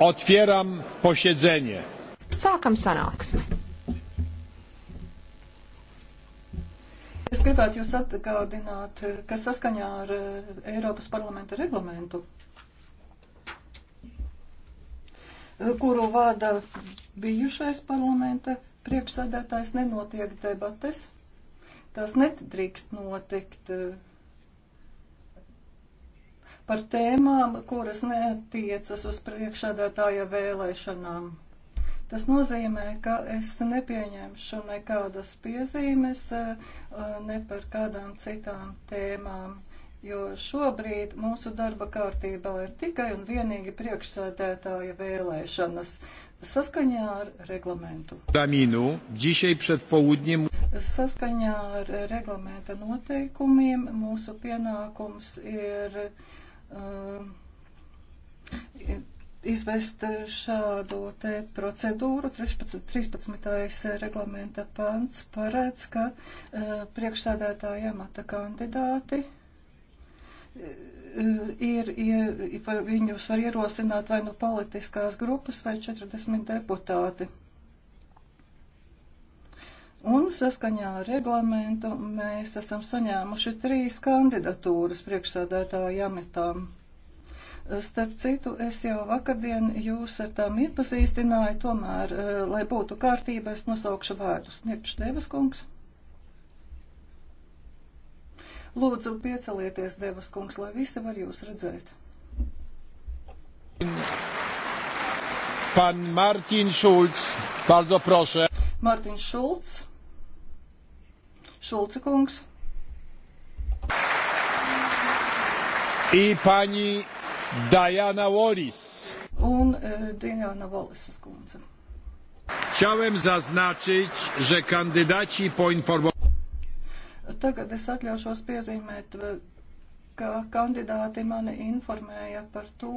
Otvieram posiedzenie. Sākam sanāksmi. Es gribētu jūs atgādināt, ka saskaņā ar eh, Eiropas parlamenta reglamentu, eh, kuru vada bijušais parlamenta priekšsēdētājs, nenotiek debates. Tās nedrīkst notikt eh, par tēmām, kuras neatiecas uz priekšādātāja vēlēšanām. Tas nozīmē, ka es nepieņemšu nekādas piezīmes eh, ne par kādām citām tēmām jo šobrīd mūsu darba kārtībā ir tikai un vienīgi priekšsēdētāja vēlēšanas saskaņā ar reglamentu. Ramīnu, dzišai pret poudņiem. Saskaņā ar reglamenta noteikumiem mūsu pienākums ir izvest šādu te procedūru. 13. 13. reglamenta pants paredz, ka priekšsādētāja amata kandidāti ir, ir, viņus var ierosināt vai nu no politiskās grupas vai 40 deputāti. Un saskaņā ar reglamentu mēs esam saņēmuši trīs kandidatūras priekšsādētāju amatām. Starp citu, es jau vakardien jūs ar tām iepazīstināju, tomēr, eh, lai būtu kārtība, es nosaukšu vārdus. Sniegšu Devas kungs. Lūdzu, piecelieties, Devas kungs, lai visi var jūs redzēt. Pan Martin Šulc, pārdo prošē. Martin Šulc. Šulca kungs. I pani Diana Wallis. Un e, Diana Wallis skundze. Chciałem zaznaczyć, że kandydaci poinformowali. Tagad es atļaušos piezīmēt, e, ka kandidāti mani informēja par to,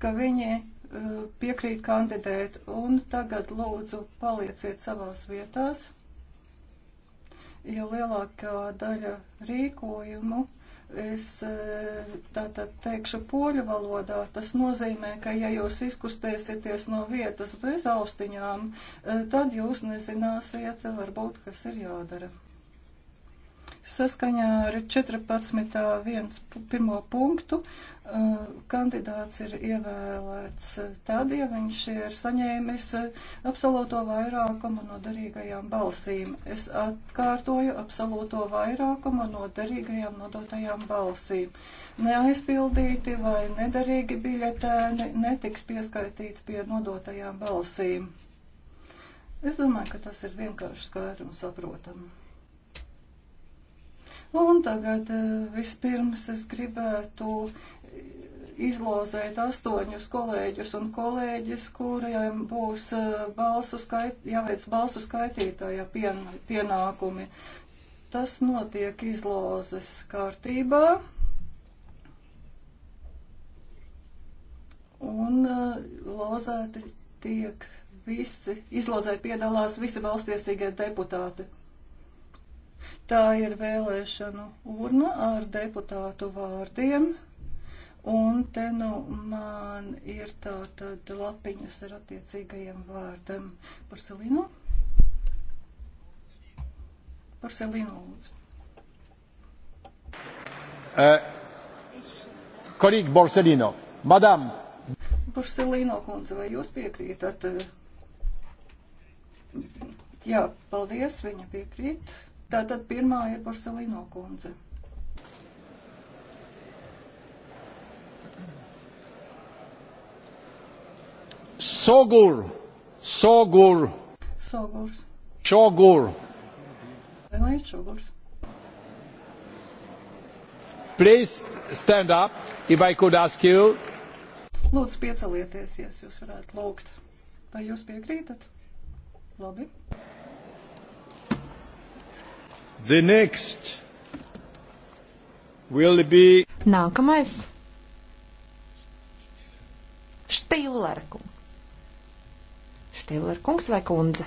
ka viņi piekrīt kandidēt. Un tagad lūdzu palieciet savās vietās, jo lielākā daļa rīkojumu es e, tātad teikšu poļu valodā. Tas nozīmē, ka ja jūs izkustēsieties no vietas bez austiņām, e, tad jūs nezināsiet varbūt, kas ir jādara. Saskaņā ar 14.1. punktu uh, kandidāts ir ievēlēts tad, ja viņš ir saņēmis uh, absolūto vairākumu no derīgajām balsīm. Es atkārtoju absolūto vairākumu no derīgajām nodotajām balsīm. Neaizpildīti vai nederīgi biļetēni netiks pieskaitīti pie nodotajām balsīm. Es domāju, ka tas ir vienkārši skaidrs un saprotams. Un tagad eh, vispirms es gribētu izlozēt astoņus kolēģus un kolēģis, kuriem būs eh, balsu skait, jāveic balsu skaitītāja pien, pienākumi. Tas notiek izlozes kārtībā. Un eh, lozēti tiek visi, izlozē piedalās visi balstiesīgie deputāti. Tā ir vēlēšanu urna ar deputātu vārdiem. Un te nu man ir tā tad lapiņas ar attiecīgajiem vārdam. Porcelino? Porcelino, lūdzu. Uh, eh, Kolīgi Borselino. Madam. Borselino kundze, vai jūs piekrītat? Jā, paldies, viņa piekrīt. Uh, Tātad pirmā ir Porcelīno kundze. Sogur, sogur. Sogurs. Šogur. Vai nu ir šogurs? Please stand up, if I could ask you. Lūdzu, piecelieties, ja jūs varētu lūgt. Vai jūs piekrītat? Labi. The next will be. Nākamais. Štīlera kungs. Štīlera kungs vai kundze?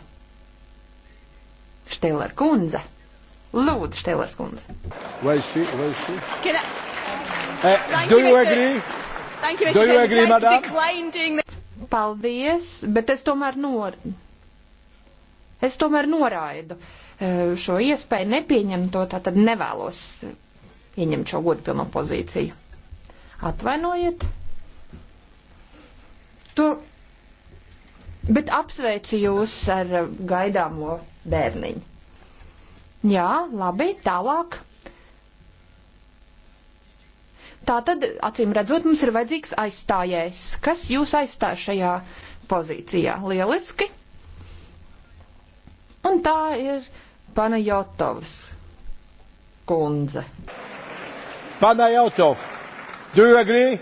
Štīlera kundze. Lūdzu, Štīlera kundze. Vai šī, vai šī? I... Uh, do you agree? Thank you, Mr. Do you agree, madam? Paldies, bet es tomēr nor. Es tomēr noraidu. Uh, E, šo iespēju, nepieņem to, tātad nevēlos ieņemt šo godpilno pozīciju. Atvainojiet. To, bet apsveicu jūs ar gaidāmo bērniņu. Jā, labi, tālāk. Tātad, acīm redzot, mums ir vajadzīgs aizstājējs. Kas jūs aizstāj šajā pozīcijā? Lieliski! Un tā ir Panajotovs kundze. Panajotov, do you agree?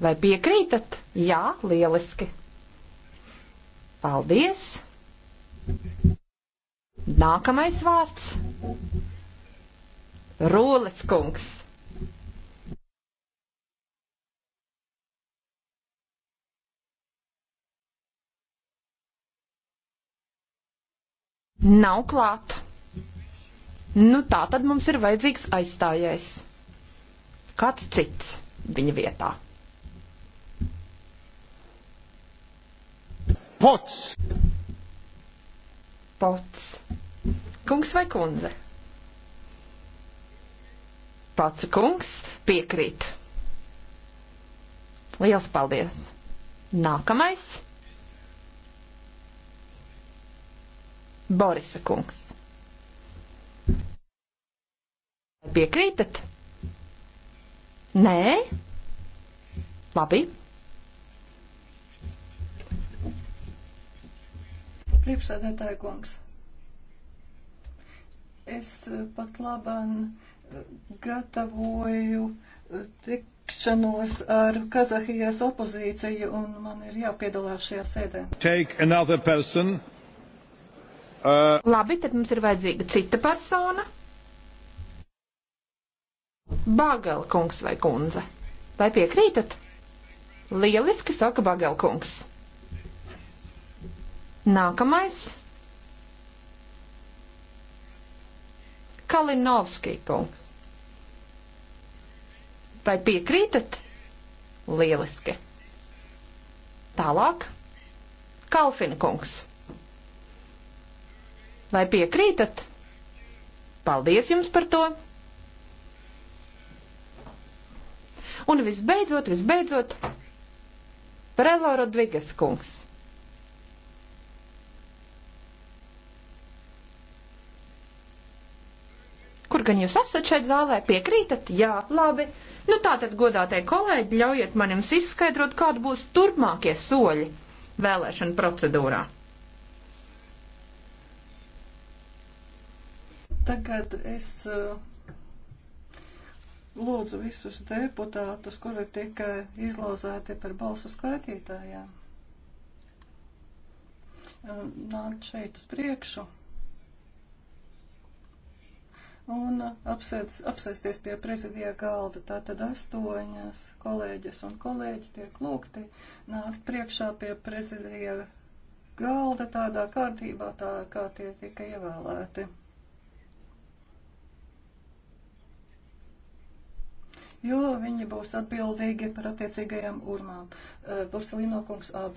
Vai piekrītat? Jā, lieliski. Paldies. Nākamais vārds. Rūles kungs. Nav klāt. Nu, tā tad mums ir vajadzīgs aizstājējs. Kāds cits viņa vietā. Pots! Pots. Kungs vai kundze? Pats kungs piekrīt. Liels paldies! Nākamais. Borisa kungs. Piekrītat? Nē? Labi. Priekšsēdētāja kungs, es pat labam eh, gatavoju eh, tikšanos ar Kazahijas opozīciju un man ir jāpiedalās šajā sēdē. Take another person. Uh... Labi, tad mums ir vajadzīga cita persona. Bagel kungs vai kundze. Vai piekrītat? Lieliski saka Bagel kungs. Nākamais. Kalinovski kungs. Vai piekrītat? Lieliski. Tālāk. Kalfina kungs. Vai piekrītat? Paldies jums par to! Un visbeidzot, visbeidzot, Prelo Rodvigas kungs. Kur gan jūs esat šeit zālē? Piekrītat? Jā, labi. Nu tātad, godātie kolēģi, ļaujiet man jums izskaidrot, kādi būs turpmākie soļi vēlēšana procedūrā. Tagad es uh, lūdzu visus deputātus, kuri tika izlauzēti par balsu skaitītājiem, nākt šeit uz priekšu un apsēd, apsēsties pie prezidija galda. Tātad astoņas kolēģis un kolēģi tiek lūgti nākt priekšā pie prezidija galda tādā kārtībā, tā kā tie tika ievēlēti. jo viņi būs atbildīgi par attiecīgajām urmām. Borsalino kungs AB,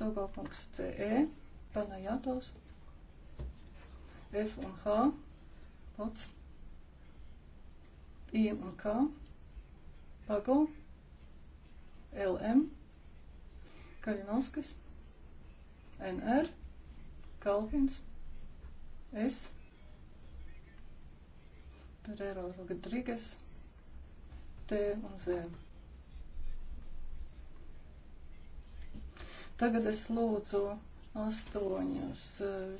Cogo kungs CE, Panajatovs, F un H, Pots, I un K, Pago, LM, Kaļinovskis, NR, Kalvins, S. Guerrero Rodriguez te uz zemi. Tagad es lūdzu astoņus,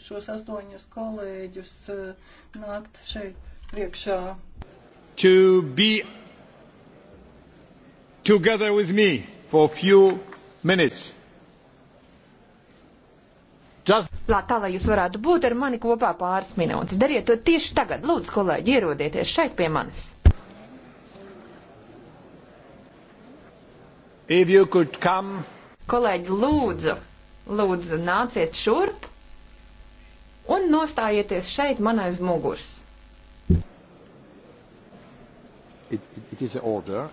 šos astoņus kolēģus eh, nākt šeit priekšā. To be together with me for a few minutes. Just... Lā, tā, lai jūs varētu būt ar mani kopā pāris minūtes. Dariet to tieši tagad. Lūdzu, kolēģi, ierodieties šeit pie manis. Kolēģi, lūdzu, lūdzu, nāciet šurp un nostājieties šeit man aiz muguras. It, it, it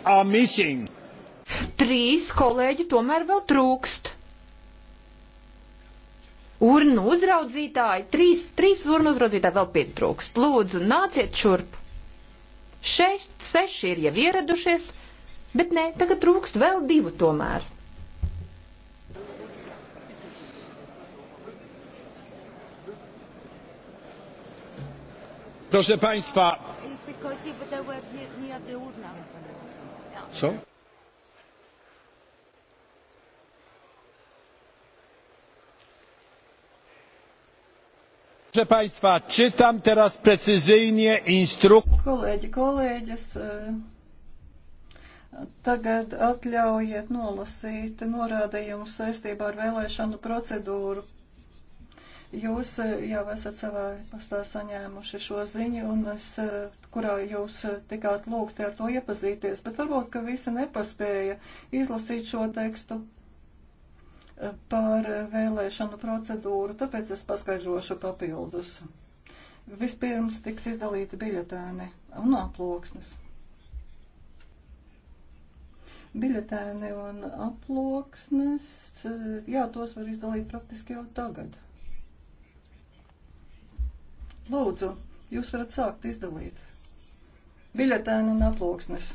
Uh, trīs kolēģi tomēr vēl trūkst. Urnu uzraudzītāji, trīs, trīs urnu uzraudzītāji vēl pietrūkst. Lūdzu, nāciet šurp. Šeit seši ir jau ieradušies, bet nē, tagad trūkst vēl divu tomēr. Proszę Państwa, So? Proszę Państwa, czytam teraz precyzyjnie instrukcję. Kolēģi, kolēģis, e, tagad atļaujiet nolasīt norādījumus saistībā ar vēlēšanu procedūru Jūs eh, jau esat savā pastā saņēmuši šo ziņu, un es, eh, kurā jūs eh, tikāt lūgti ar to iepazīties, bet varbūt, ka visi nepaspēja izlasīt šo tekstu par vēlēšanu procedūru, tāpēc es paskaidrošu papildus. Vispirms tiks izdalīti biļetēni un aploksnes. Biļetēni un aploksnes, jā, tos var izdalīt praktiski jau tagad. Lūdzu, jūs varat sākt izdalīt biļetēnu un aploksnes.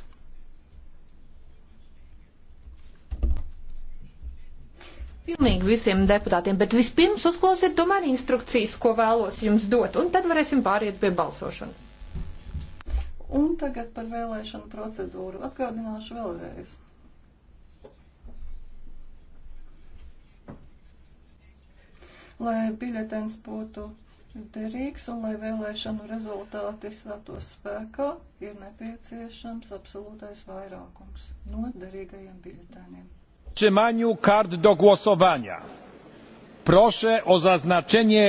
Pilnīgi visiem deputātiem, bet vispirms uzklausiet tomēr instrukcijas, ko vēlos jums dot, un tad varēsim pāriet pie balsošanas. Un tagad par vēlēšanu procedūru atgādināšu vēlreiz. Lai biļetens būtu derīgs, un lai vēlēšanu rezultāti stātos spēkā, ir nepieciešams absolūtais vairākums no derīgajiem biļetēniem. Trzymaniu kart do głosowania. Proszę o zaznaczenie.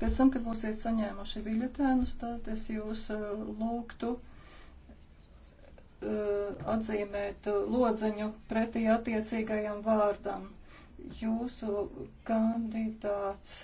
Pēc tam, kad būsiet saņēmuši biļetēnus, tad es jūs e, lūgtu e, atzīmēt lodziņu pretī attiecīgajam vārdam. Jūsu kandidāts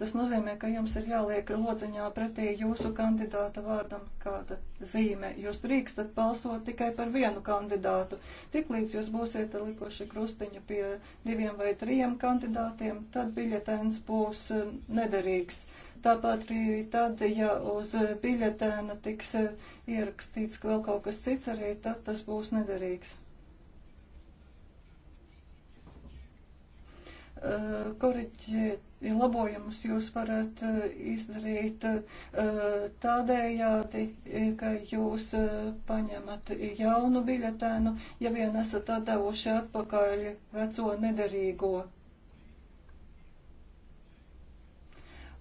Tas nozīmē, ka jums ir jāliek lodziņā pretī jūsu kandidāta vārdam kāda zīme. Jūs drīkstat balsot tikai par vienu kandidātu. Tiklīdz jūs būsiet likuši krustiņu pie diviem vai trijiem kandidātiem, tad biļetēns būs eh, nederīgs. Tāpat arī tad, ja uz biļetēna tiks eh, ierakstīts vēl kaut kas cits, arī tad tas būs nederīgs. koriģēt labojumus jūs varat izdarīt tādējādi, ka jūs paņemat jaunu biļetēnu, ja vien esat atdevuši atpakaļ veco nederīgo.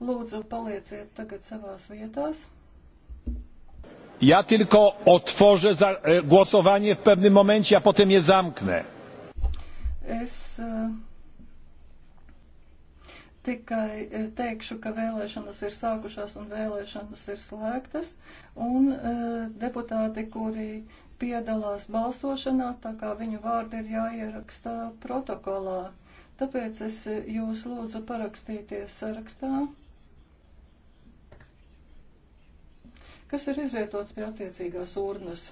Lūdzu, palieciet tagad savās vietās. Ja tylko otworzę za, głosowanie w pewnym momencie, a potem je zamknę. Es, uh... Tikai eh, teikšu, ka vēlēšanas ir sākušās un vēlēšanas ir slēgtas, un eh, deputāti, kuri piedalās balsošanā, tā kā viņu vārdi ir jāierakstā protokolā. Tāpēc es eh, jūs lūdzu parakstīties sarakstā, kas ir izvietots pie attiecīgās urnas.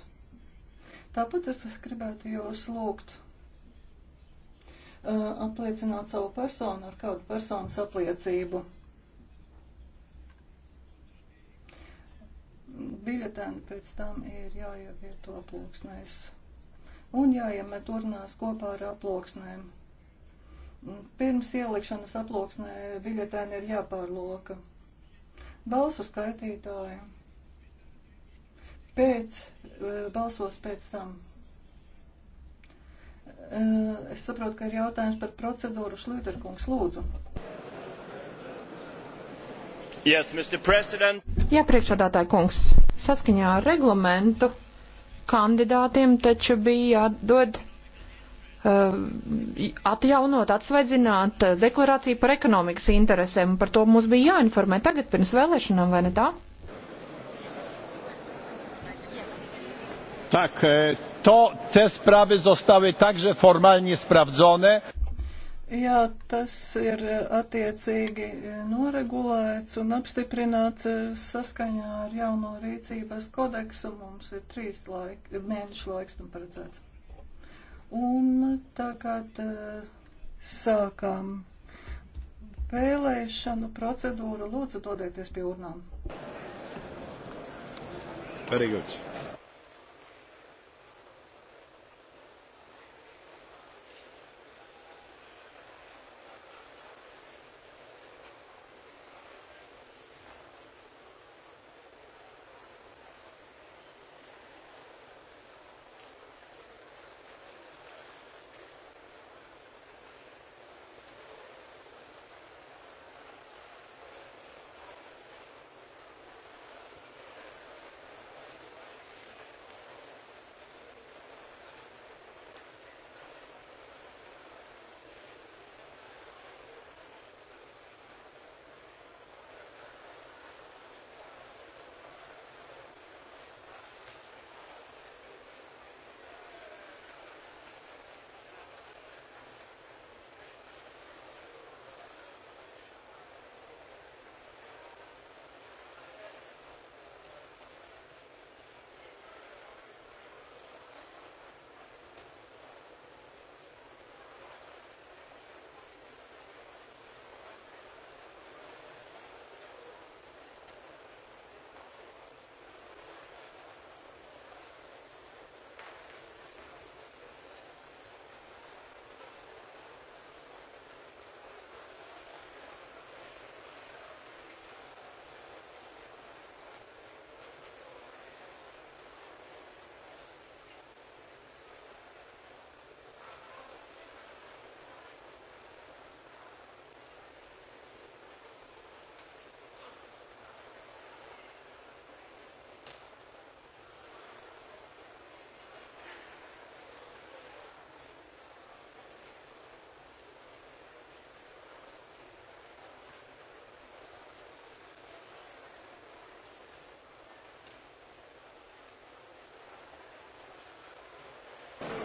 Tāpat es gribētu jūs lūgt Uh, apliecināt savu personu ar kādu personas apliecību. Biļetēni pēc tam ir jāievieto aploksnēs un jāiemet urnās kopā ar aploksnēm. Pirms ielikšanas aploksnē biļetēni ir jāpārloka. Balsu skaitītāji pēc, uh, balsos pēc tam Eh, es saprotu, ka ir jautājums par procedūru. Šlīterkungs, lūdzu. Yes, Jā, priekšādātāja kungs, saskaņā ar reglamentu kandidātiem taču bija jādod uh, atjaunot, atsvaidzināt deklarāciju par ekonomikas interesēm. Par to mums bija jāinformē tagad pirms vēlēšanām, vai ne tā? Tak, e, to te sprawy zostały także formalnie sprawdzone. Jā, tas ir attiecīgi noregulēts un apstiprināts saskaņā ar jauno rīcības kodeksu. Mums ir trīs laik, mēnešu laiks tam paredzēts. Un tagad e, sākām vēlēšanu procedūru. Lūdzu, dodieties pie urnām. Very good.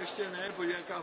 Ještě ne, podívej, jaká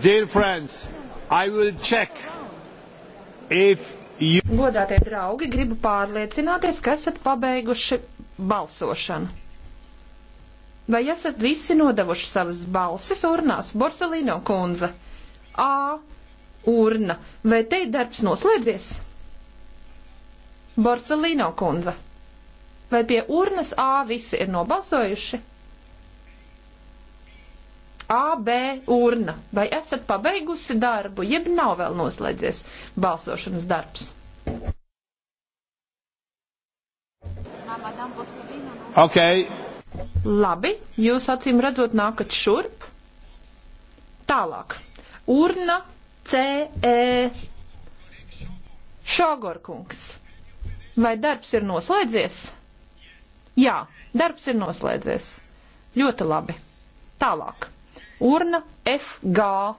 Dear friends, I will check if you... Godātie draugi, gribu pārliecināties, ka esat pabeiguši balsošanu. Vai esat visi nodevuši savas balsis urnās, Borsalino kundze? A. Urna. Vai te darbs noslēdzies? Borsalino kundze. Vai pie urnas A visi ir nobalsojuši? AB urna. Vai esat pabeigusi darbu, jeb nav vēl noslēdzies balsošanas darbs? Okay. Labi, jūs acīm redzot nākat šurp. Tālāk. Urna CE Šogorkungs. Vai darbs ir noslēdzies? Jā, darbs ir noslēdzies. Ļoti labi. Tālāk. Urna FG.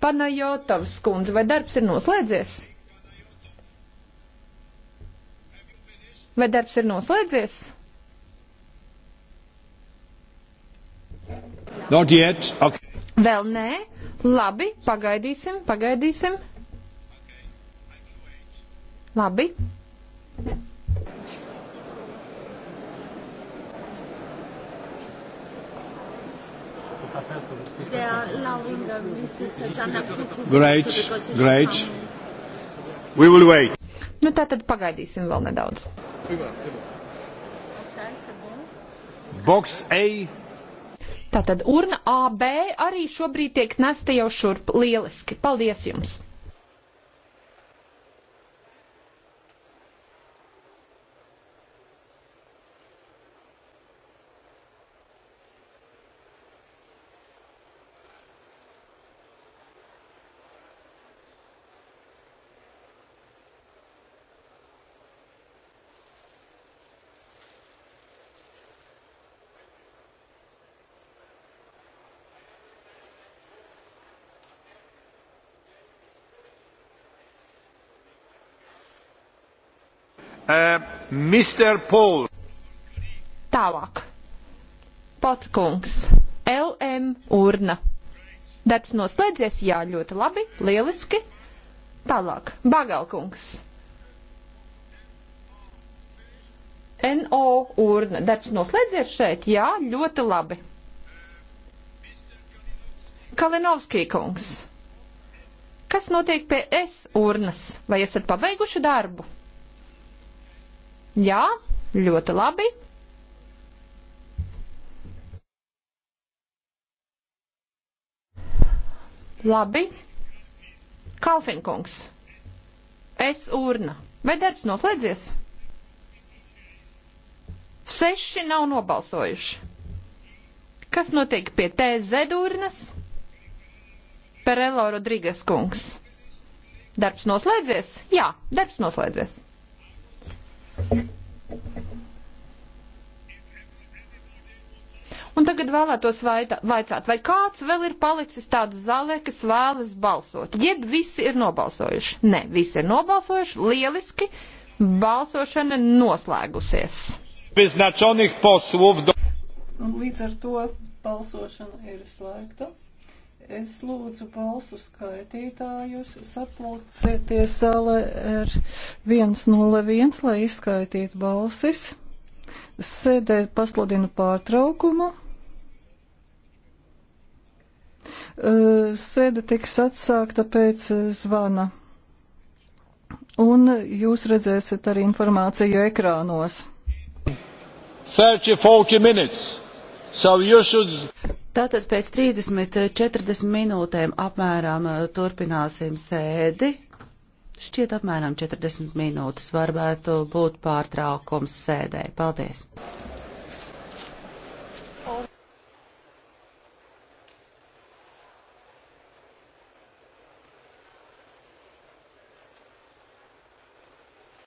Panajotovs kundze, vai darbs ir noslēdzies? Vai darbs ir noslēdzies? Not yet. Okay. Vēl nē. Labi, pagaidīsim, pagaidīsim. Labi. They are allowing uh, Mrs. Jana Kutu. Great, great. We will wait. Nu tā tad pagaidīsim vēl nedaudz. Box A. Tātad urna AB arī šobrīd tiek nesta jau šurp. Lieliski. Paldies jums! Uh, Mr. Paul. Tālāk. Potkungs. LM urna. Darbs noslēdzies, jā, ļoti labi, lieliski. Tālāk. Bagalkungs. NO urna. Darbs noslēdzies šeit, jā, ļoti labi. Kalinovskī kungs. Kas notiek pie S urnas? Vai esat pabeiguši darbu? Jā, ļoti labi. Labi. Kalfinkungs. Es urna. Vai darbs noslēdzies? Seši nav nobalsojuši. Kas notiek pie TZ urnas? Perelo Rodrīgas kungs. Darbs noslēdzies? Jā, darbs noslēdzies. tagad vēlētos vaicāt, vai kāds vēl ir palicis tāds zālē, kas vēlas balsot? Jeb visi ir nobalsojuši? Nē, visi ir nobalsojuši, lieliski, balsošana noslēgusies. Līdz ar to balsošana ir slēgta. Es lūdzu balsu skaitītājus sapulcēties zālē ar 101, lai izskaitītu balsis sēdē pasludinu pārtraukumu. Eh, sēde tiks atsākta pēc eh, zvana. Un jūs redzēsiet arī informāciju ekrānos. 30, 40 minutes. So you should... Tātad pēc 30, 40 eh, minūtēm apmēram turpināsim sēdi. Šķiet apmēram 40 minūtes varētu būt pārtraukums sēdē. Paldies!